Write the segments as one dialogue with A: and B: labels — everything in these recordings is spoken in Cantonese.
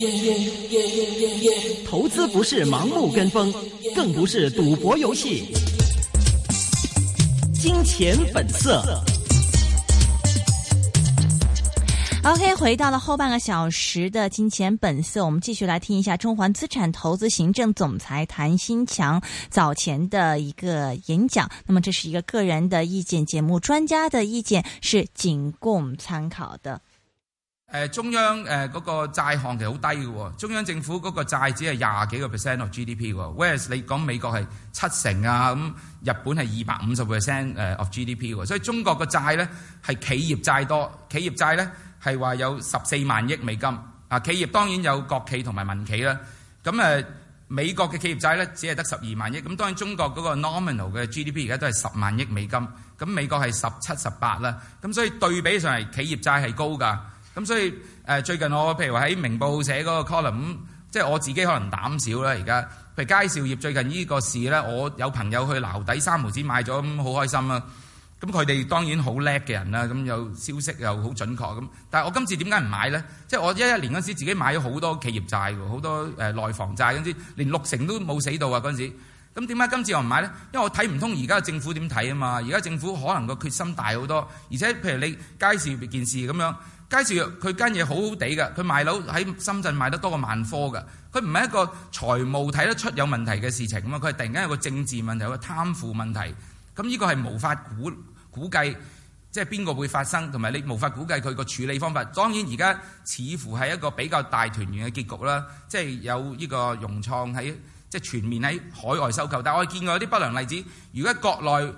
A: Yeah. Yeah. Yeah. Yeah. Yeah. 投資不是盲目跟風，更不是賭博遊戲。金錢本色。色 OK，回到了後半個小時的《金錢本色》，我們繼續來聽一下中環資產投資行政總裁譚新強早前的一個演講。那麼，這是一個個人的意見節目，專家的意見是僅供參考的。
B: 誒中央誒嗰個債項其實好低嘅喎，中央政府嗰個債只係廿幾個 percent of G D P 喎。Whereas 你講美國係七成啊，咁日本係二百五十 percent 誒 of G D P 喎，所以中國嘅債咧係企業債多，企業債咧係話有十四萬億美金啊。企業當然有國企同埋民企啦。咁誒美國嘅企業債咧只係得十二萬億，咁當然中國嗰個 nominal 嘅 G D P 而家都係十萬億美金，咁美國係十七十八啦。咁所以對比上嚟，企業債係高㗎。咁所以誒、呃，最近我譬如喺明報寫嗰個 column，即係我自己可能膽小啦。而家譬如佳兆業最近呢個事呢，我有朋友去撈底三毫紙買咗，咁好開心啦、啊。咁佢哋當然好叻嘅人啦，咁有消息又好準確。咁但係我今次點解唔買呢？即係我一一年嗰時自己買咗好多企業債喎，好多誒、呃、內房債嗰啲，連六成都冇死到啊嗰陣時。咁點解今次我唔買呢？因為我睇唔通而家政府點睇啊嘛。而家政府可能個決心大好多，而且譬如你佳兆業件事咁樣。街市佢間嘢好好地㗎，佢賣樓喺深圳賣得多過萬科㗎。佢唔係一個財務睇得出有問題嘅事情嘛，佢係突然間有個政治問題，有個貪腐問題。咁呢個係無法估估計，即係邊個會發生，同埋你無法估計佢個處理方法。當然而家似乎係一個比較大團圓嘅結局啦，即係有呢個融創喺即係全面喺海外收購。但係我見過有啲不良例子。如果喺國內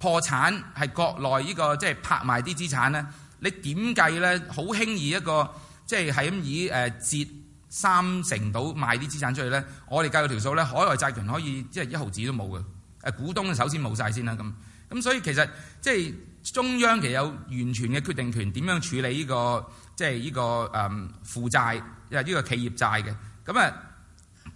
B: 破產係國內呢個即係拍賣啲資產呢。你點計咧？好輕易一個，即係係咁以誒、呃、折三成到賣啲資產出去咧。我哋計個條數咧，海外債權可以即係、就是、一毫子都冇嘅。誒，股東首先冇晒先啦。咁咁所以其實即係、就是、中央其實有完全嘅決定權，點樣處理呢、這個即係呢個誒、嗯、負債，即係呢個企業債嘅。咁啊，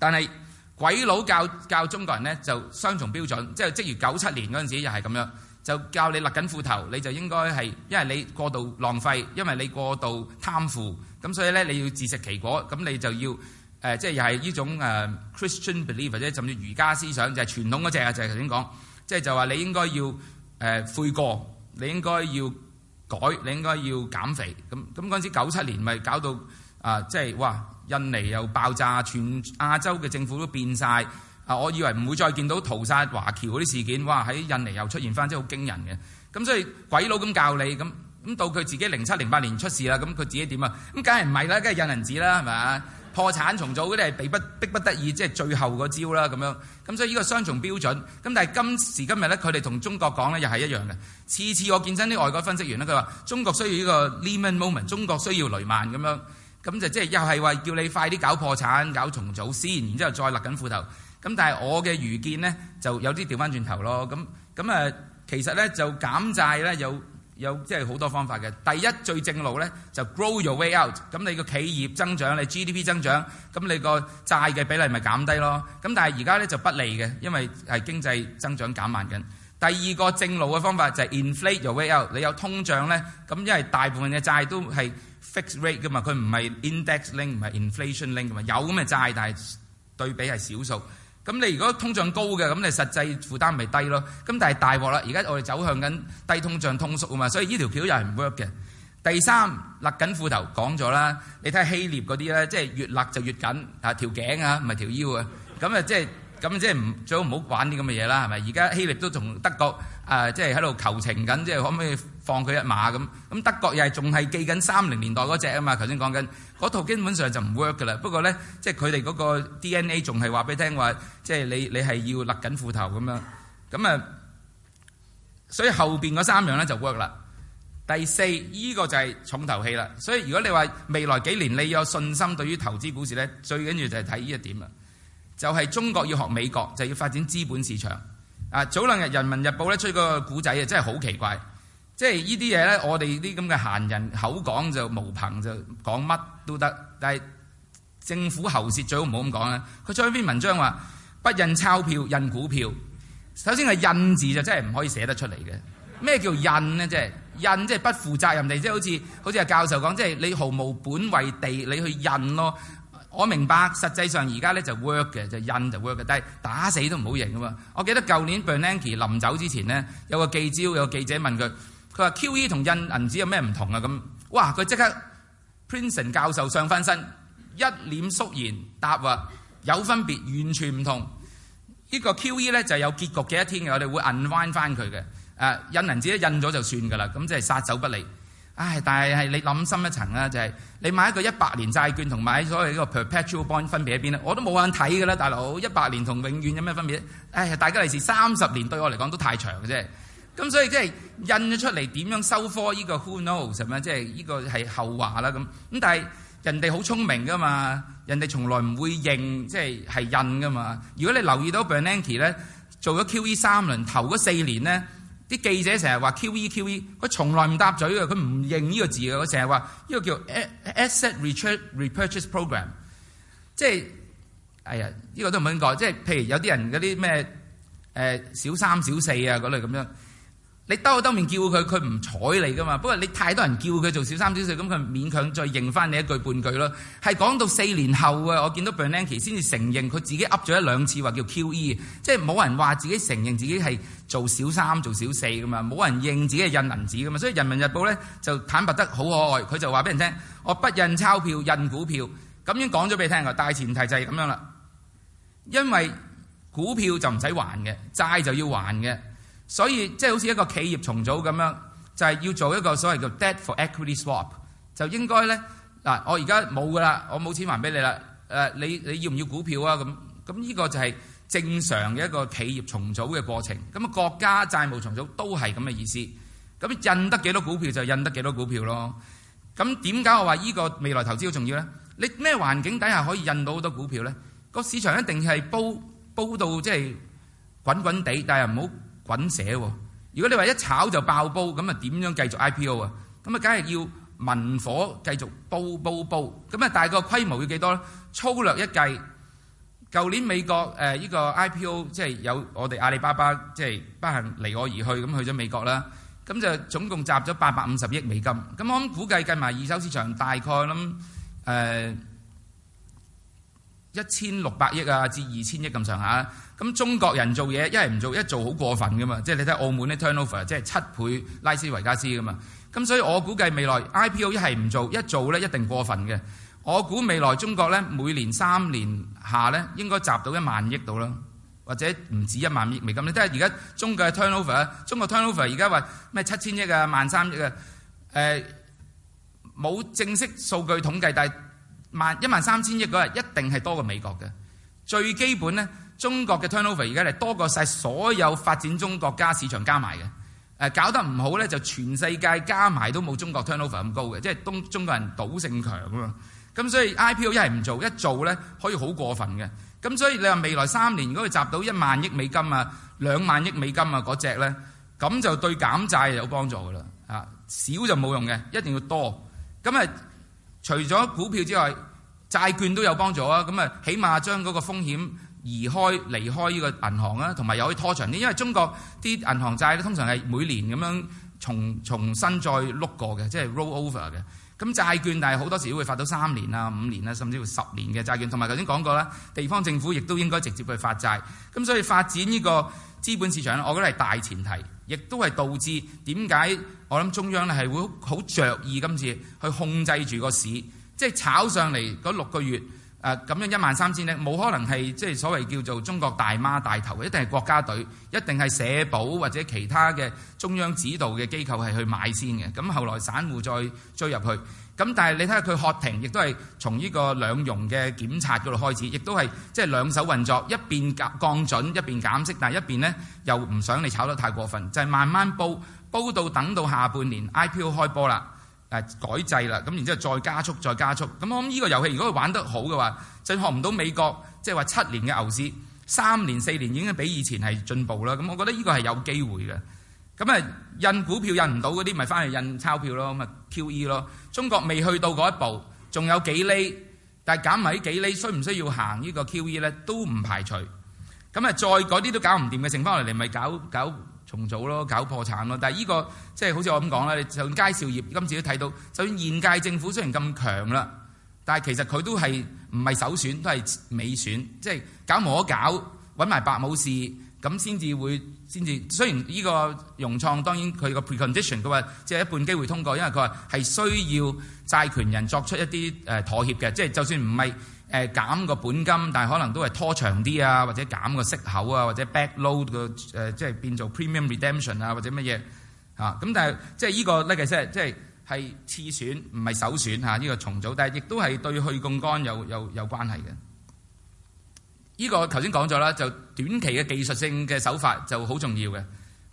B: 但係鬼佬教教中國人咧，就雙重標準，即、就、係、是、即如九七年嗰陣時又係咁樣。就教你勒緊褲頭，你就應該係，因為你過度浪費，因為你過度貪腐，咁所以咧你要自食其果，咁你就要誒，即、呃、係、就是、又係呢種誒 Christian belief 或者甚至儒家思想，就係、是、傳統嗰隻啊，就係頭先講，即係就話、是、你應該要誒悔過，你應該要改，你應該要減肥。咁咁嗰陣時九七年咪搞到啊，即、呃、係、就是、哇，印尼又爆炸，全亞洲嘅政府都變晒。我以為唔會再見到屠殺華僑嗰啲事件，哇！喺印尼又出現翻，即係好驚人嘅。咁所以鬼佬咁教你咁咁，到佢自己零七零八年出事啦。咁佢自己點啊？咁梗係唔係啦？梗係印銀紙啦，係咪啊？破產重組嗰啲係逼不得已，即係最後個招啦。咁樣咁所以呢個雙重標準咁，但係今時今日呢，佢哋同中國講呢又係一樣嘅。次次我見親啲外國分析員呢，佢話中國需要呢個 Lehman moment，m 中國需要雷曼咁樣咁就即係又係話叫你快啲搞破產搞重組先，然之後再勒緊褲頭。咁但係我嘅愚見呢，就有啲調翻轉頭咯。咁咁其實呢，就減債呢，有有即係好多方法嘅。第一最正路呢，就 grow your way out。咁你個企業增長，你 GDP 增長，咁你個債嘅比例咪減低咯。咁但係而家呢，就不利嘅，因為係經濟增長減慢緊。第二個正路嘅方法就係 inflate your way out。你有通脹呢，咁因為大部分嘅債都係 fixed rate 㗎嘛，佢唔係 index link 唔係 inflation link 㗎嘛，有咁嘅債，但係對比係少數。咁你如果通脹高嘅，咁你實際負擔咪低咯。咁但係大鑊啦，而家我哋走向緊低通脹通縮啊嘛，所以呢條橋又係唔 work 嘅。第三，勒緊褲頭講咗啦，你睇下希臘嗰啲啦，即係越勒就越緊啊，條頸啊，唔係條腰啊，咁啊即係。咁即係唔最好唔好玩啲咁嘅嘢啦，係咪？而家希臘都同德國即係喺度求情緊，即係可唔可以放佢一馬咁？咁德國又係仲係記緊三零年代嗰隻啊嘛，頭先講緊嗰套基本上就唔 work 噶啦。不過呢，即係佢哋嗰個 DNA 仲係話俾你聽話，即係、就是、你你係要勒緊褲頭咁樣。咁啊，所以後面嗰三樣呢就 work 啦。第四，呢、這個就係重頭戲啦。所以如果你話未來幾年你有信心對於投資股市呢，最緊要就係睇呢一點啦。就係中國要學美國，就要發展資本市場。啊，早兩日《人民日報》咧出個古仔啊，真係好奇怪。即係呢啲嘢咧，我哋呢咁嘅閒人口講就無憑就講乜都得，但係政府喉舌最好唔好咁講啦。佢將篇文章話：不印鈔票，印股票。首先係印字就真係唔可以寫得出嚟嘅。咩叫印呢？即係印即係不負責任地，即係好似好似阿教授講，即係你毫無本位地你去印咯。我明白，實際上而家咧就 work 嘅，就是、印就 work 嘅，但係打死都唔好認嘅喎。我記得舊年 Bernanke 臨走之前呢，有個記招，有個記者問佢，佢話 QE 同印銀紙有咩唔同啊？咁哇，佢即刻 Princeton 教授上翻身，一臉肅然答話有分別，完全唔同。呢、呢個 QE 咧就有結局嘅一天嘅，我哋會 unwind 翻佢嘅。誒印銀紙一印咗就算㗎啦，咁即係殺手不利。唉，但係係你諗深一層啦，就係、是、你買一個一百年債券同買所謂呢個 perpetual bond 分別喺邊咧？我都冇眼睇㗎啦，大佬一百年同永遠有咩分別？唉，大吉利是三十年對我嚟講都太長嘅啫。咁所以即係印咗出嚟點樣收科？呢個 who knows？即係呢個係後話啦。咁咁但係人哋好聰明㗎嘛，人哋從來唔會認即係係印㗎嘛。如果你留意到 Bernanke 咧，做咗 QE 三輪頭嗰四年咧。啲記者成日話 QE QE，佢從來唔搭嘴嘅，佢唔認呢個字嘅，佢成日話呢個叫 asset repurchase program，即係哎呀，呢個都唔好講，即係譬如有啲人嗰啲咩誒小三小四啊嗰類咁樣。你兜兜面叫佢，佢唔睬你噶嘛？不過你太多人叫佢做小三、小四，咁佢勉強再認翻你一句半句咯。係講到四年後啊，我見到 Bernanke 先至承認佢自己噏咗一兩次話叫 QE，即係冇人話自己承認自己係做小三、做小四噶嘛，冇人認自己係印銀紙噶嘛。所以《人民日報》呢，就坦白得好可愛，佢就話俾人聽：我不印鈔票，印股票。咁樣講咗俾你聽㗎，大前提就係咁樣啦。因為股票就唔使還嘅，債就要還嘅。所以即係、就是、好似一個企業重組咁樣，就係、是、要做一個所謂叫 debt for equity swap，就應該呢。嗱，我而家冇㗎啦，我冇錢還俾你啦。誒，你你要唔要股票啊？咁咁呢個就係正常嘅一個企業重組嘅過程。咁啊，國家債務重組都係咁嘅意思。咁印得幾多股票就印得幾多股票咯。咁點解我話呢個未來投資好重要呢？你咩環境底下可以印到好多股票呢？個市場一定係煲煲到即係滾滾地，但係唔好。搵寫，如果你話一炒就爆煲，咁啊點樣繼續 IPO 啊？咁啊，梗係要文火繼續煲煲煲，咁啊大概規模要幾多咧？粗略一計，舊年美國誒呢個 IPO 即係有我哋阿里巴巴即係不幸離我而去咁去咗美國啦，咁就總共集咗八百五十億美金，咁我諗估計計埋二手市場大概諗誒。呃一千六百億啊，至二千億咁上下。咁中國人做嘢一係唔做，一做好過分㗎嘛。即係你睇澳門啲 turnover，即係七倍拉斯維加斯㗎嘛。咁所以我估計未來 IPO 一係唔做，一做呢一定過分嘅。我估未來中國呢，每年三年下呢應該集到一萬億到啦，或者唔止一萬億，咪咁你睇吓而家中國嘅 turnover，中國 turnover 而家話咩七千億啊，萬三億啊，誒、呃、冇正式數據統計，但係萬一萬三千億嗰日一定係多過美國嘅，最基本咧，中國嘅 turnover 而家係多過晒所有發展中國家市場加埋嘅。誒，搞得唔好咧，就全世界加埋都冇中國 turnover 咁高嘅，即係中中國人賭性強啊嘛。咁所以 IPO 一係唔做，一做咧可以好過分嘅。咁所以你話未來三年如果佢集到一萬億美金啊，兩萬億美金啊嗰隻咧，咁就對減債有幫助噶啦。啊，少就冇用嘅，一定要多。咁啊～除咗股票之外，債券都有幫助啊！咁啊，起碼將嗰個風險移開、離開呢個銀行啊，同埋又可以拖長啲。因為中國啲銀行債咧，通常係每年咁樣重重新再碌過嘅，即係 roll over 嘅。咁債，債券，但係好多時會發到三年啊、五年啊，甚至乎十年嘅債券。同埋頭先講過啦，地方政府亦都應該直接去發債。咁所以發展呢個資本市場，我覺得係大前提，亦都係導致點解？我諗中央呢係會好着意今次去控制住個市，即係炒上嚟嗰六個月誒咁樣一萬三千億，冇可能係即係所謂叫做中國大媽大頭一定係國家隊，一定係社保或者其他嘅中央指導嘅機構係去買先嘅。咁後來散戶再追入去，咁但係你睇下佢喝停，亦都係從呢個兩融嘅檢查嗰度開始，亦都係即係兩手運作，一邊降降準，一邊減息，但係一邊呢又唔想你炒得太過分，就係慢慢煲。煲到等到下半年 IPO 開波啦、呃，改制啦，咁然之後再加速再加速，咁我諗呢個遊戲如果佢玩得好嘅話，就學唔到美國，即係話七年嘅牛市，三年四年已經比以前係進步啦。咁我覺得呢個係有機會嘅。咁、嗯、印股票印唔到嗰啲，咪翻去印鈔票咯，咁啊 QE 咯。中國未去到嗰一步，仲有幾厘，但係減埋啲幾厘，需唔需要行呢個 QE 呢？都唔排除。咁、嗯、誒再嗰啲都搞唔掂嘅，剩翻落嚟咪搞搞。搞重組咯，搞破產咯。但係、這、呢個即係好似我咁講啦。就算佳兆業今次都睇到，就算現屆政府雖然咁強啦，但係其實佢都係唔係首選，都係尾選，即係搞冇得搞，揾埋白武士咁先至會先至。雖然呢個融創當然佢個 precondition 佢話即係一半機會通過，因為佢話係需要債權人作出一啲誒妥協嘅，即係就算唔係。誒減個本金，但可能都係拖長啲啊，或者減個息口啊，或者 backload、呃、即係變做 premium redemption 啊，或者乜嘢。咁但係即係呢、呢個 l e、like、即係係次選，唔係首選呢依、啊呢個重組，但亦都係對去槓桿有有有關係嘅。呢、呢個頭先講咗啦，就短期嘅技術性嘅手法就好重要嘅。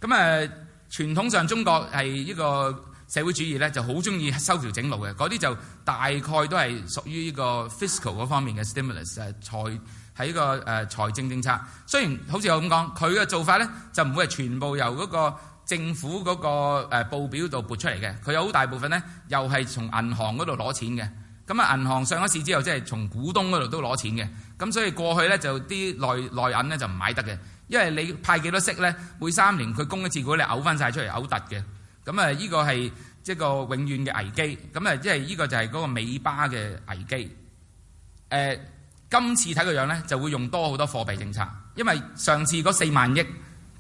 B: 咁、啊、誒，傳統上中國係呢、呢個。社會主義咧就好中意修橋整路嘅，嗰啲就大概都係屬於呢個 fiscal 嗰方面嘅 stimulus 誒財喺個誒財、呃、政政策。雖然好似我咁講，佢嘅做法咧就唔會係全部由嗰個政府嗰、嗰個誒、呃、報表度撥出嚟嘅，佢有好大部分咧又係從銀行嗰度攞錢嘅。咁啊，銀行上咗市之後即係從股東嗰度都攞錢嘅。咁所以過去咧就啲內內銀咧就唔買得嘅，因為你派幾多息咧，每三年佢供一次股，你嘔翻晒出嚟嘔突嘅。咁啊，依個係一個永遠嘅危機。咁啊，即係依個就係嗰個尾巴嘅危機。誒、呃，今次睇個樣咧，就會用多好多貨幣政策，因為上次嗰四萬億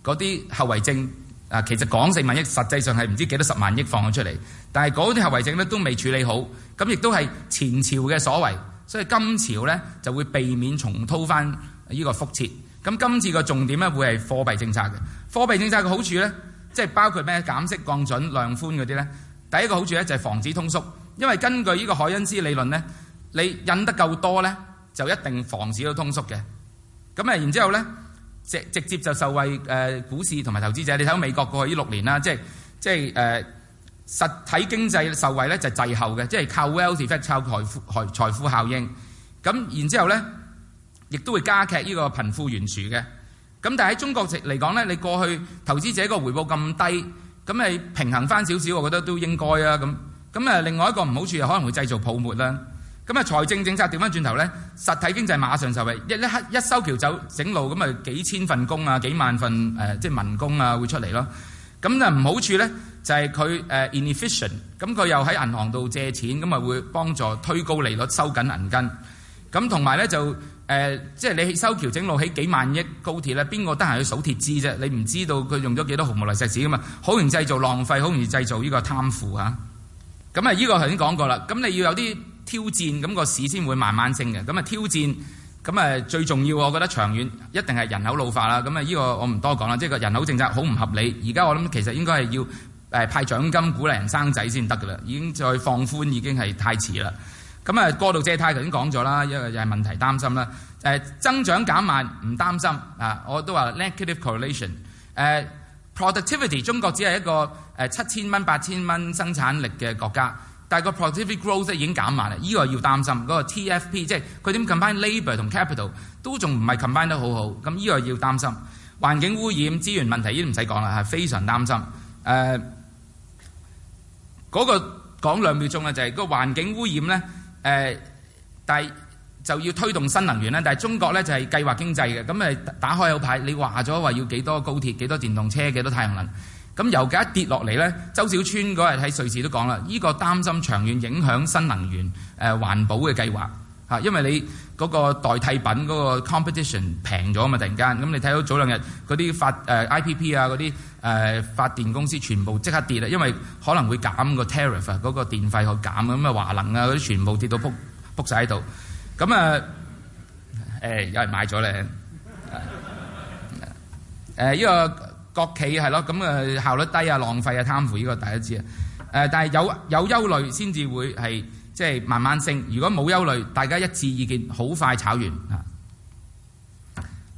B: 嗰啲後遺症、啊、其實講四萬億，實際上係唔知幾多十萬億放咗出嚟。但係嗰啲後遺症咧都未處理好，咁亦都係前朝嘅所為。所以今朝呢，就會避免重蹈返呢個覆轍。咁今次個重點呢，會係貨幣政策嘅，貨幣政策嘅好處呢。即係包括咩？減息降準、量寬嗰啲呢？第一個好處呢，就係防止通縮，因為根據呢個凱恩斯理論呢，你印得夠多呢，就一定防止到通縮嘅。咁啊，然之後呢，直直接就受惠誒股市同埋投資者。你睇到美國過去呢六年啦，即係即係誒實體經濟受惠呢，就滯後嘅，即係靠 wealth effect、靠財富財富效應。咁然之後呢，亦都會加劇呢個貧富懸殊嘅。咁但係喺中國嚟講咧，你過去投資者個回報咁低，咁你平衡翻少少，我覺得都應該啊咁。咁誒，另外一個唔好處係可能會製造泡沫啦。咁啊，財政政策調翻轉頭咧，實體經濟馬上受惠，一一刻一修橋走整路咁啊，幾千份工啊，幾萬份誒，即係民工啊，會出嚟咯。咁啊，唔好處咧就係佢誒 inefficient，咁佢又喺銀行度借錢，咁啊會幫助推高利率、收緊銀根。咁同埋咧就。誒、呃，即係你修橋整路起幾萬億高鐵咧，邊個得閒去數鐵資啫？你唔知道佢用咗幾多毫無力石屎噶嘛？好容易製造浪費，好容易製造呢個貪腐啊。咁啊，依個頭先講過啦。咁你要有啲挑戰，咁、咁個市先會慢慢升嘅。咁啊挑戰，咁啊最重要，我覺得長遠一定係人口老化啦。咁啊依個我唔多講啦，即係個人口政策好唔合理。而家我諗其實應該係要誒派獎金鼓勵人生仔先得㗎啦。已經再放寬已經係太遲啦。咁啊，過度借貸頭先講咗啦，一個又係問題，擔心啦。誒、呃、增長減慢唔擔心啊，我都話 negative correlation。誒 Cor、啊、productivity，中國只係一個誒、呃、七千蚊、八千蚊生產力嘅國家，但係個 productivity growth 已經減慢啦，呢、這個要擔心。嗰、那個 TFP，即係佢點 combine labour 同 capital 都仲唔係 combine 得好好，咁呢個要擔心。環境污染、資源問題已經唔使講啦，係非常擔心。誒、啊、嗰、那個講兩秒鐘嘅就係、是、個環境污染咧。誒、呃，但係就要推動新能源啦。但係中國咧就係計劃經濟嘅，咁誒打開嗰牌，你話咗話要幾多高鐵、幾多電動車、幾多太陽能。咁油價一跌落嚟呢，周小川嗰日喺瑞士都講啦，呢、呢個擔心長遠影響新能源誒、呃、環保嘅計劃。因為你嗰個代替品嗰個 competition 平咗啊嘛，突然間，咁你睇到早兩日嗰啲發誒、呃、IPP 啊，嗰啲、呃、發電公司全部即刻跌啦，因為可能會減個 tariff，嗰、啊嗰個電費去減咁啊，華能啊嗰啲全部跌到卜卜曬喺度，咁啊誒有人買咗咧，呢呢、 呃呢個國企係咯，咁啊效率低啊，浪費啊，貪腐呢、呢個第一次啊，但係有有憂慮先至會係。即係慢慢升，如果冇憂慮，大家一致意見，好快炒完啊！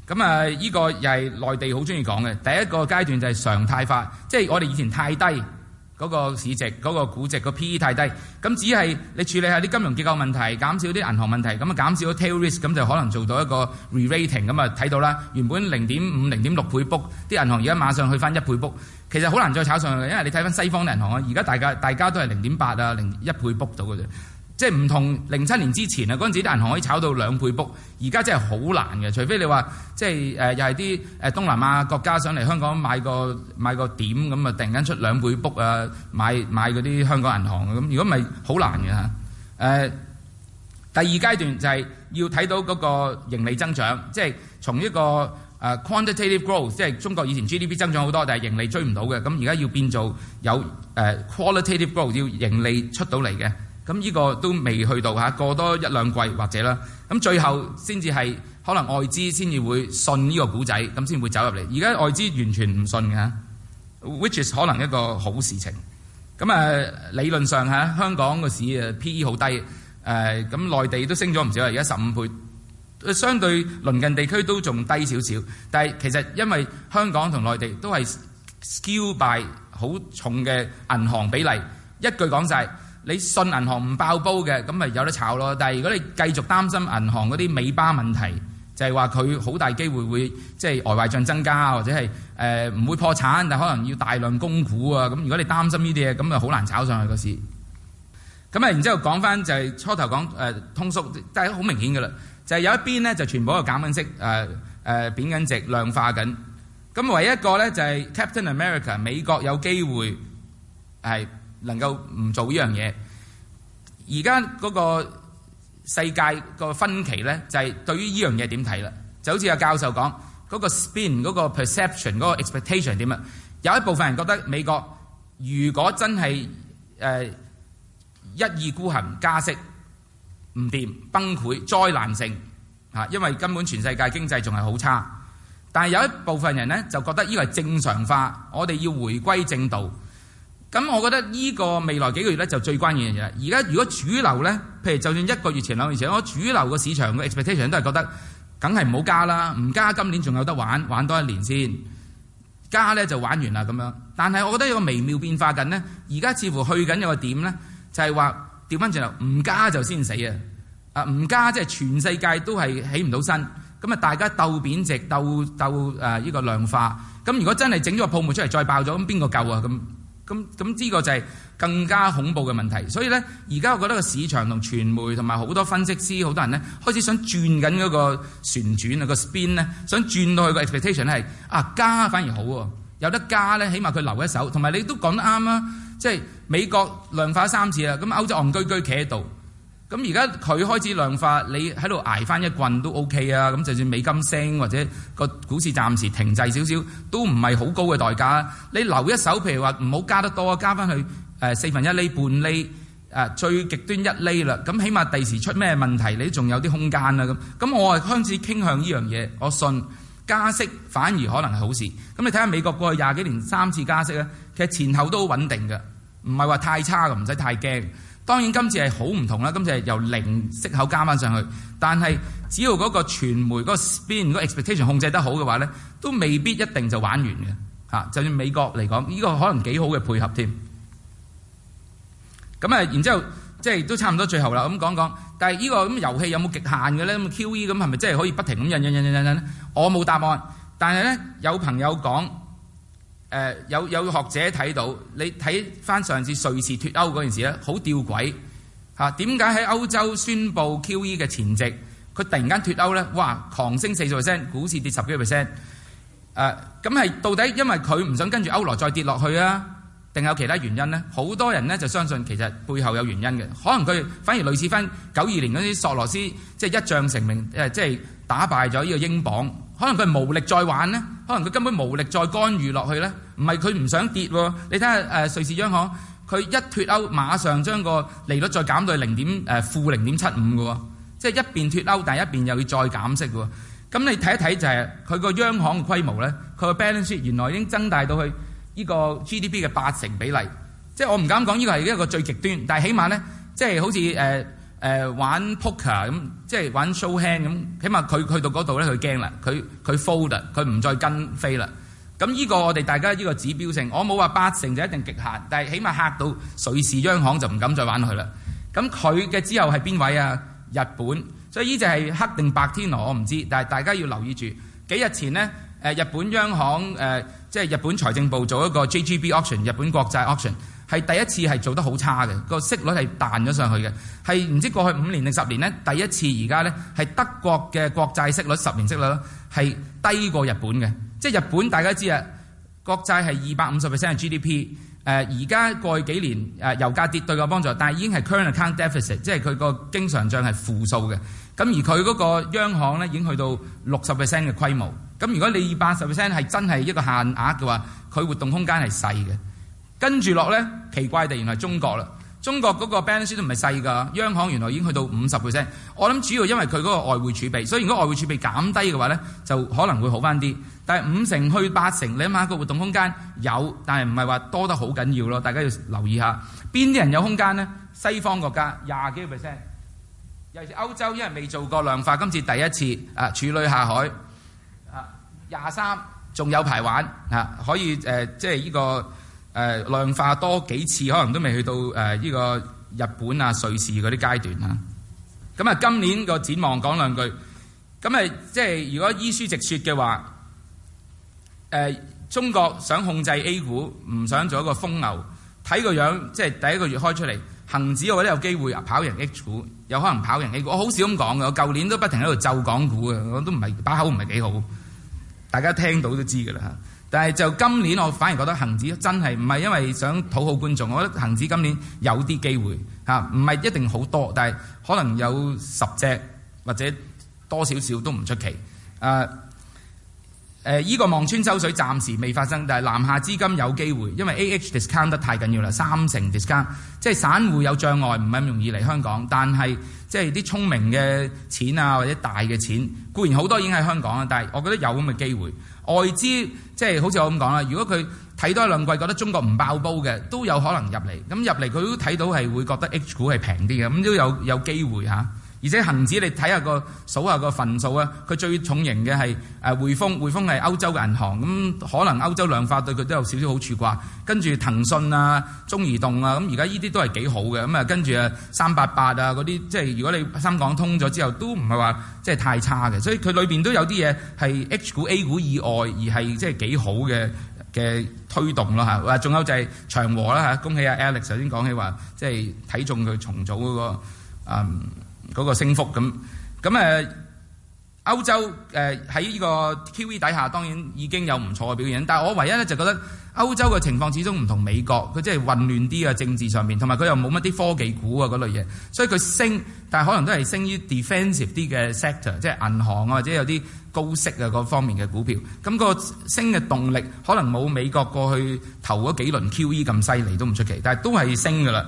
B: 咁啊，呢個又係內地好鍾意講嘅，第一個階段就係常態化，即係我哋以前太低。嗰個市值、嗰個估值、個 P/E 太低，咁只係你處理下啲金融結構問題，減少啲銀行問題，咁啊減少咗 tail risk，咁就可能做到一個 re-rating，咁啊睇到啦，原本零點五、零點六倍 book，啲銀行而家馬上去翻一倍 book，其實好難再炒上去嘅，因為你睇翻西方嘅銀行啊，而家大家大家都係零點八啊、零一倍 book 到嘅啫。即係唔同零七年之前啊，嗰陣時啲銀行可以炒到兩倍 book，而家真係好難嘅。除非你話即係誒、呃，又係啲誒東南亞國家上嚟香港買個買個點咁啊，就突然間出兩倍 book 啊，買買嗰啲香港銀行咁。如果唔係好難嘅嚇、啊、第二階段就係要睇到嗰個盈利增長，即係從一個 quantitative growth，即係中國以前 GDP 增長好多，但係盈利追唔到嘅。咁而家要變做有 qualitative growth，要盈利出到嚟嘅。咁呢個都未去到嚇，過多一兩季或者啦。咁最後先至係可能外資先至會信呢個故仔，咁先會走入嚟。而家外資完全唔信嘅，which is 可能一個好事情。咁誒理論上嚇，香港個市誒 P/E 好低誒，咁內地都升咗唔少，而家十五倍，相對鄰近地區都仲低少少。但係其實因為香港同內地都係 skew by 好重嘅銀行比例，一句講晒。你信銀行唔爆煲嘅，咁咪有得炒咯。但係如果你繼續擔心銀行嗰啲尾巴問題，就係話佢好大機會會即係外匯帳增加，或者係誒唔會破產，但可能要大量供股啊。咁如果你擔心呢啲嘢，咁就好難炒上去個市。咁啊，然之後講返就係、是、初頭講誒、呃、通縮，但係好明顯噶啦，就係、是、有一邊呢，就全部有減緊息，誒誒貶緊值，量化緊。咁唯一一個呢，就係、是、Captain America 美國有機會係。能夠唔做呢樣嘢，而家嗰個世界個分歧呢，就係對於呢樣嘢點睇啦。就好似阿教授講嗰個 spin，嗰個 perception，嗰個 expectation 點啊，有一部分人覺得美國如果真係誒一意孤行加息，唔掂，崩潰，災難性嚇，因為根本全世界經濟仲係好差。但係有一部分人呢就覺得呢個係正常化，我哋要回歸正道。咁我覺得呢個未來幾個月咧就最關鍵嘅嘢。而家如果主流咧，譬如就算一個月前兩年前，我主流嘅市場嘅 expectation 都係覺得，梗係唔好加啦，唔加今年仲有得玩，玩多一年先加咧就玩完啦咁樣。但係我覺得有個微妙變化緊呢，而家似乎去緊有個點咧，就係話調翻轉頭唔加就先死啊！啊唔加即係、就是、全世界都係起唔到身，咁啊大家鬥貶值、鬥鬥誒呢個量化。咁如果真係整咗個泡沫出嚟再爆咗，咁邊個夠啊？咁。咁咁呢個就係更加恐怖嘅問題，所以咧，而家我覺得個市場同傳媒同埋好多分析師，好多人咧，開始想轉緊嗰個旋轉、那個、啊，個 spin 咧，想轉到去個 expectation 係啊加反而好喎，有得加咧，起碼佢留一手，同埋你都講得啱啊，即係美國量化三次啦，咁歐洲戇居居企喺度。咁而家佢開始量化，你喺度挨翻一棍都 OK 啊！咁就算美金升或者個股市暫時停滯少少，都唔係好高嘅代價。你留一手，譬如話唔好加得多，加翻去誒四分一厘、半厘誒最極端一厘啦。咁起碼第時出咩問題，你仲有啲空間啦咁。咁我係開始傾向呢樣嘢，我信加息反而可能係好事。咁你睇下美國過去廿幾年三次加息咧，其實前後都穩定嘅，唔係話太差嘅，唔使太驚。當然今次係好唔同啦，今次係由零息口加翻上去，但係只要嗰個傳媒嗰個 spin、嗰個 expectation 控制得好嘅話咧，都未必一定就玩完嘅嚇。就算美國嚟講，呢個可能幾好嘅配合添。咁啊，然之後即係都差唔多最後啦，咁講講。但係呢個咁遊戲有冇極限嘅咧？咁 QE 咁係咪真係可以不停咁印印印印印印咧？我冇答案，但係咧有朋友講。誒、呃、有有學者睇到，你睇翻上次瑞士脫歐嗰件事咧，好吊詭吓。點解喺歐洲宣布 QE 嘅前夕，佢突然間脫歐咧？哇！狂升四十 %，percent，股市跌十幾個 percent。咁係、啊、到底因為佢唔想跟住歐羅再跌落去啊？定有其他原因呢？好多人呢就相信其實背後有原因嘅，可能佢反而類似翻九二年嗰啲索羅斯，即、就、係、是、一仗成名，即、就、係、是、打敗咗呢個英鎊。可能佢係無力再玩呢，可能佢根本無力再干預落去呢。唔係佢唔想跌喎，你睇下誒，瑞士央行，佢一脱歐馬上將個利率再減到去零點，誒，負零點七五嘅喎，即係一邊脱歐，但係一邊又要再減息嘅喎。咁你睇一睇就係佢個央行嘅規模呢，佢嘅 balance sheet 原來已經增大到去呢個 GDP 嘅八成比例，即係我唔敢講呢個係一個最極端，但係起碼呢，即係好似誒。誒、呃、玩 poker 咁，即係玩 show hand 咁，起碼佢去到嗰度咧，佢驚啦，佢佢 fold 啦，佢唔再跟飛啦。咁呢個我哋大家呢、呢個指標性，我冇話八成就一定極限，但係起碼嚇到瑞士央行就唔敢再玩佢啦。咁佢嘅之後係邊位啊？日本，所以呢隻係黑定白天鵝，我唔知道，但係大家要留意住。幾日前呢，日本央行誒即係日本財政部做一個 JGB auction，日本國債 auction。係第一次係做得好差嘅，個息率係彈咗上去嘅。係唔知過去五年定十年呢，第一次而家呢，係德國嘅國債息率十年息率係低過日本嘅。即係日本大家知啊，國債係二百五十 percent 嘅 GDP。誒而家過去幾年誒、呃、油價跌對個幫助，但係已經係 current account deficit，即係佢個經常帳係負數嘅。咁而佢嗰個央行呢，已經去到六十 percent 嘅規模。咁如果你八十 percent 係真係一個限額嘅話，佢活動空間係細嘅。跟住落呢，奇怪地原來係中國啦。中國嗰個 balance 都唔係細㗎，央行原來已經去到五十 percent。我諗主要因為佢嗰個外匯儲備，所以如果外匯儲備減低嘅話呢，就可能會好翻啲。但係五成去八成，你諗下個活動空間有，但係唔係話多得好緊要咯。大家要留意下邊啲人有空間呢。西方國家廿幾個 percent，尤其是歐洲，因為未做過量化，今次第一次啊，處女下海廿三仲有排玩、啊、可以、呃、即係呢、呢個。誒量化多幾次，可能都未去到誒呢個日本啊、瑞士嗰啲階段咁啊、嗯，今年個展望講兩句，咁、嗯、即係如果依書直說嘅話，誒、嗯、中國想控制 A 股，唔想做一個瘋牛。睇個樣，即係第一個月開出嚟，恒指我覺得有機會啊，跑贏 H 股，有可能跑贏 A 股。我好少咁講嘅，我舊年都不停喺度就港股嘅，我都唔係把口唔係幾好，大家聽到都知㗎啦。但係就今年，我反而覺得恒指真係唔係，因為想討好觀眾，我覺得恒指今年有啲機會嚇，唔係一定好多，但係可能有十隻或者多少少都唔出奇啊。Uh, 誒，呢個望穿秋水暫時未發生，但係南下資金有機會，因為 AH discount 得太緊要啦，三成 discount，即係散戶有障礙，唔係咁容易嚟香港。但係即係啲聰明嘅錢啊，或者大嘅錢，固然好多已經喺香港啦，但係我覺得有咁嘅機會，外資即係好似我咁講啦，如果佢睇多一兩季，覺得中國唔爆煲嘅，都有可能入嚟。咁入嚟佢都睇到係會覺得 H 股係平啲嘅，咁都有有機會吓。而且恒指，你睇下個數下個份數啊。佢最重型嘅係誒匯豐，匯豐係歐洲嘅銀行，咁，可能歐洲量化對佢都有少少好處啩。跟住騰訊啊、中移動啊，咁而家呢啲都係幾好嘅咁啊。跟住啊三八八啊嗰啲，即係如果你三港通咗之後都唔係話即係太差嘅，所以佢裏邊都有啲嘢係 H 股 A 股以外而係即係幾好嘅嘅推動啦、吓、仲有就係長和啦、吓、恭喜啊 Alex 首先講起話即係睇中佢重組嗰、嗰個、嗯嗰個升幅咁咁誒，歐洲誒喺呢個 QE 底下，當然已經有唔錯嘅表現。但係我唯一咧就覺得歐洲嘅情況始終唔同美國，佢即係混亂啲啊，政治上面，同埋佢又冇乜啲科技股啊嗰類嘢，所以佢升，但係可能都係升於 defensive 啲嘅 sector，即係銀行啊或者有啲高息啊嗰方面嘅股票。咁個升嘅動力可能冇美國過去投嗰幾輪 QE 咁犀利都唔出奇，但係都係升㗎啦。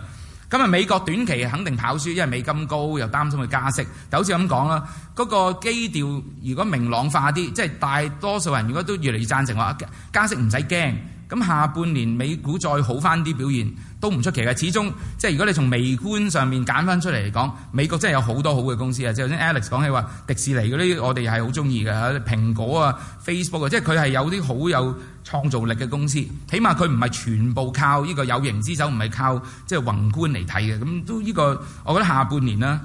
B: 今日美國短期肯定跑輸，因為美金高，又擔心佢加息。就好似咁講啦，嗰個基調如果明朗化啲，即係大多數人如果都越嚟越贊成話，加息唔使驚。咁下半年美股再好翻啲表現都唔出奇嘅。始終即係如果你從微觀上面揀翻出嚟嚟講，美國真係有好多好嘅公司啊！即係頭先 Alex 講起話迪士尼嗰啲，我哋係好中意嘅蘋果啊、Facebook 啊，即係佢係有啲好有創造力嘅公司。起碼佢唔係全部靠呢個有形之手，唔係靠即係宏觀嚟睇嘅。咁都呢個，我覺得下半年啦。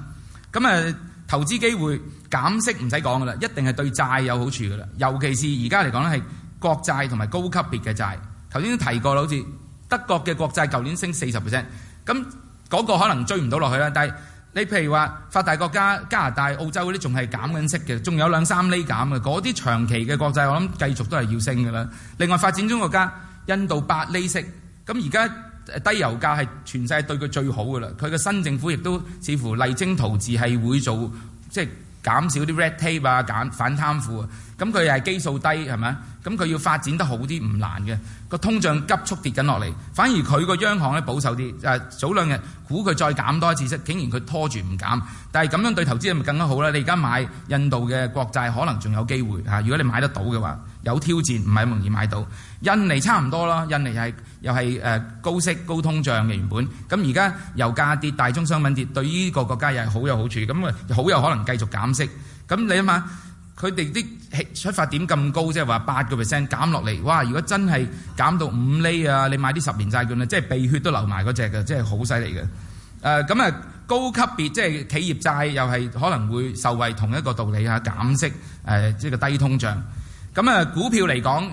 B: 咁啊，投資機會減息唔使講噶啦，一定係對債有好處噶啦。尤其是而家嚟講咧，係國債同埋高級別嘅債。頭先都提過啦，好似德國嘅國債，舊年升四十 percent，咁嗰個可能追唔到落去啦。但係你譬如話發達國家加拿大、澳洲嗰啲仲係減緊息嘅，仲有兩三厘減嘅嗰啲長期嘅國債，我諗繼續都係要升㗎啦。另外發展中國家印度八厘息，咁而家低油價係全世界對佢最好㗎啦。佢嘅新政府亦都似乎勵精圖治，係會做即係，就是減少啲 red tape 啊，減反貪腐啊，咁佢係基數低係咪？咁佢要發展得好啲唔難嘅，個通脹急速跌緊落嚟，反而佢個央行咧保守啲。誒、啊、早兩日估佢再減多一次息，竟然佢拖住唔減，但係咁樣對投資係咪更加好呢？你而家買印度嘅國債可能仲有機會吓，如果你買得到嘅話，有挑戰唔係容易買到。印尼差唔多啦。印尼係又係高息高通脹嘅原本咁，而家油價跌、大宗商品跌，對於個國家又係好有好處咁啊，好有可能繼續減息咁。你諗下，佢哋啲出發點咁高，即係話八個 percent 減落嚟，哇！如果真係減到五厘啊，你買啲十年債券咧，即係鼻血都流埋嗰隻嘅，即係好犀利嘅咁啊，高級別即係企業債又係可能會受惠同一個道理呀，減息即係個低通脹咁啊。股票嚟講。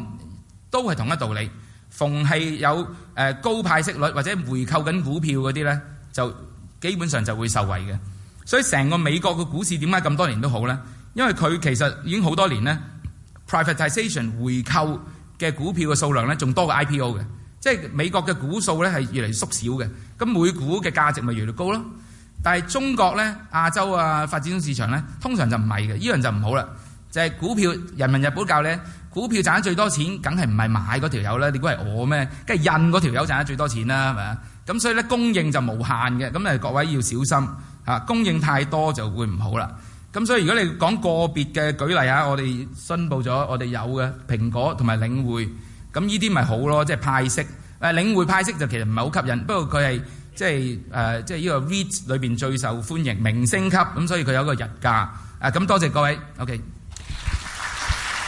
B: 都係同一道理，逢係有誒高派息率或者回購緊股票嗰啲呢，就基本上就會受惠嘅。所以成個美國嘅股市點解咁多年都好呢？因為佢其實已經好多年呢 privatization 回購嘅股票嘅數量呢，仲多過 IPO 嘅，即係美國嘅股數呢，係越嚟越縮小嘅，咁每股嘅價值咪越嚟越高咯。但係中國呢，亞洲啊發展市場呢，通常就唔係嘅，呢樣就唔好啦。就係、是、股票，人民日報教呢。股票賺得最多錢，梗係唔係買嗰條友啦？你估係我咩？梗係印嗰條友賺得最多錢啦，係咪啊？咁所以咧供應就無限嘅，咁誒各位要小心吓，供應太多就會唔好啦。咁所以如果你講個別嘅舉例啊，我哋申報咗我哋有嘅蘋果同埋領匯，咁呢啲咪好咯？即係派息。誒領匯派息就其實唔係好吸引，不過佢係即係誒即係呢個 REIT 裏邊最受歡迎明星級，咁所以佢有一個日價。誒咁多謝各位。OK。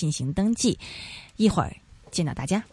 A: 進行登記，一會兒見到大家。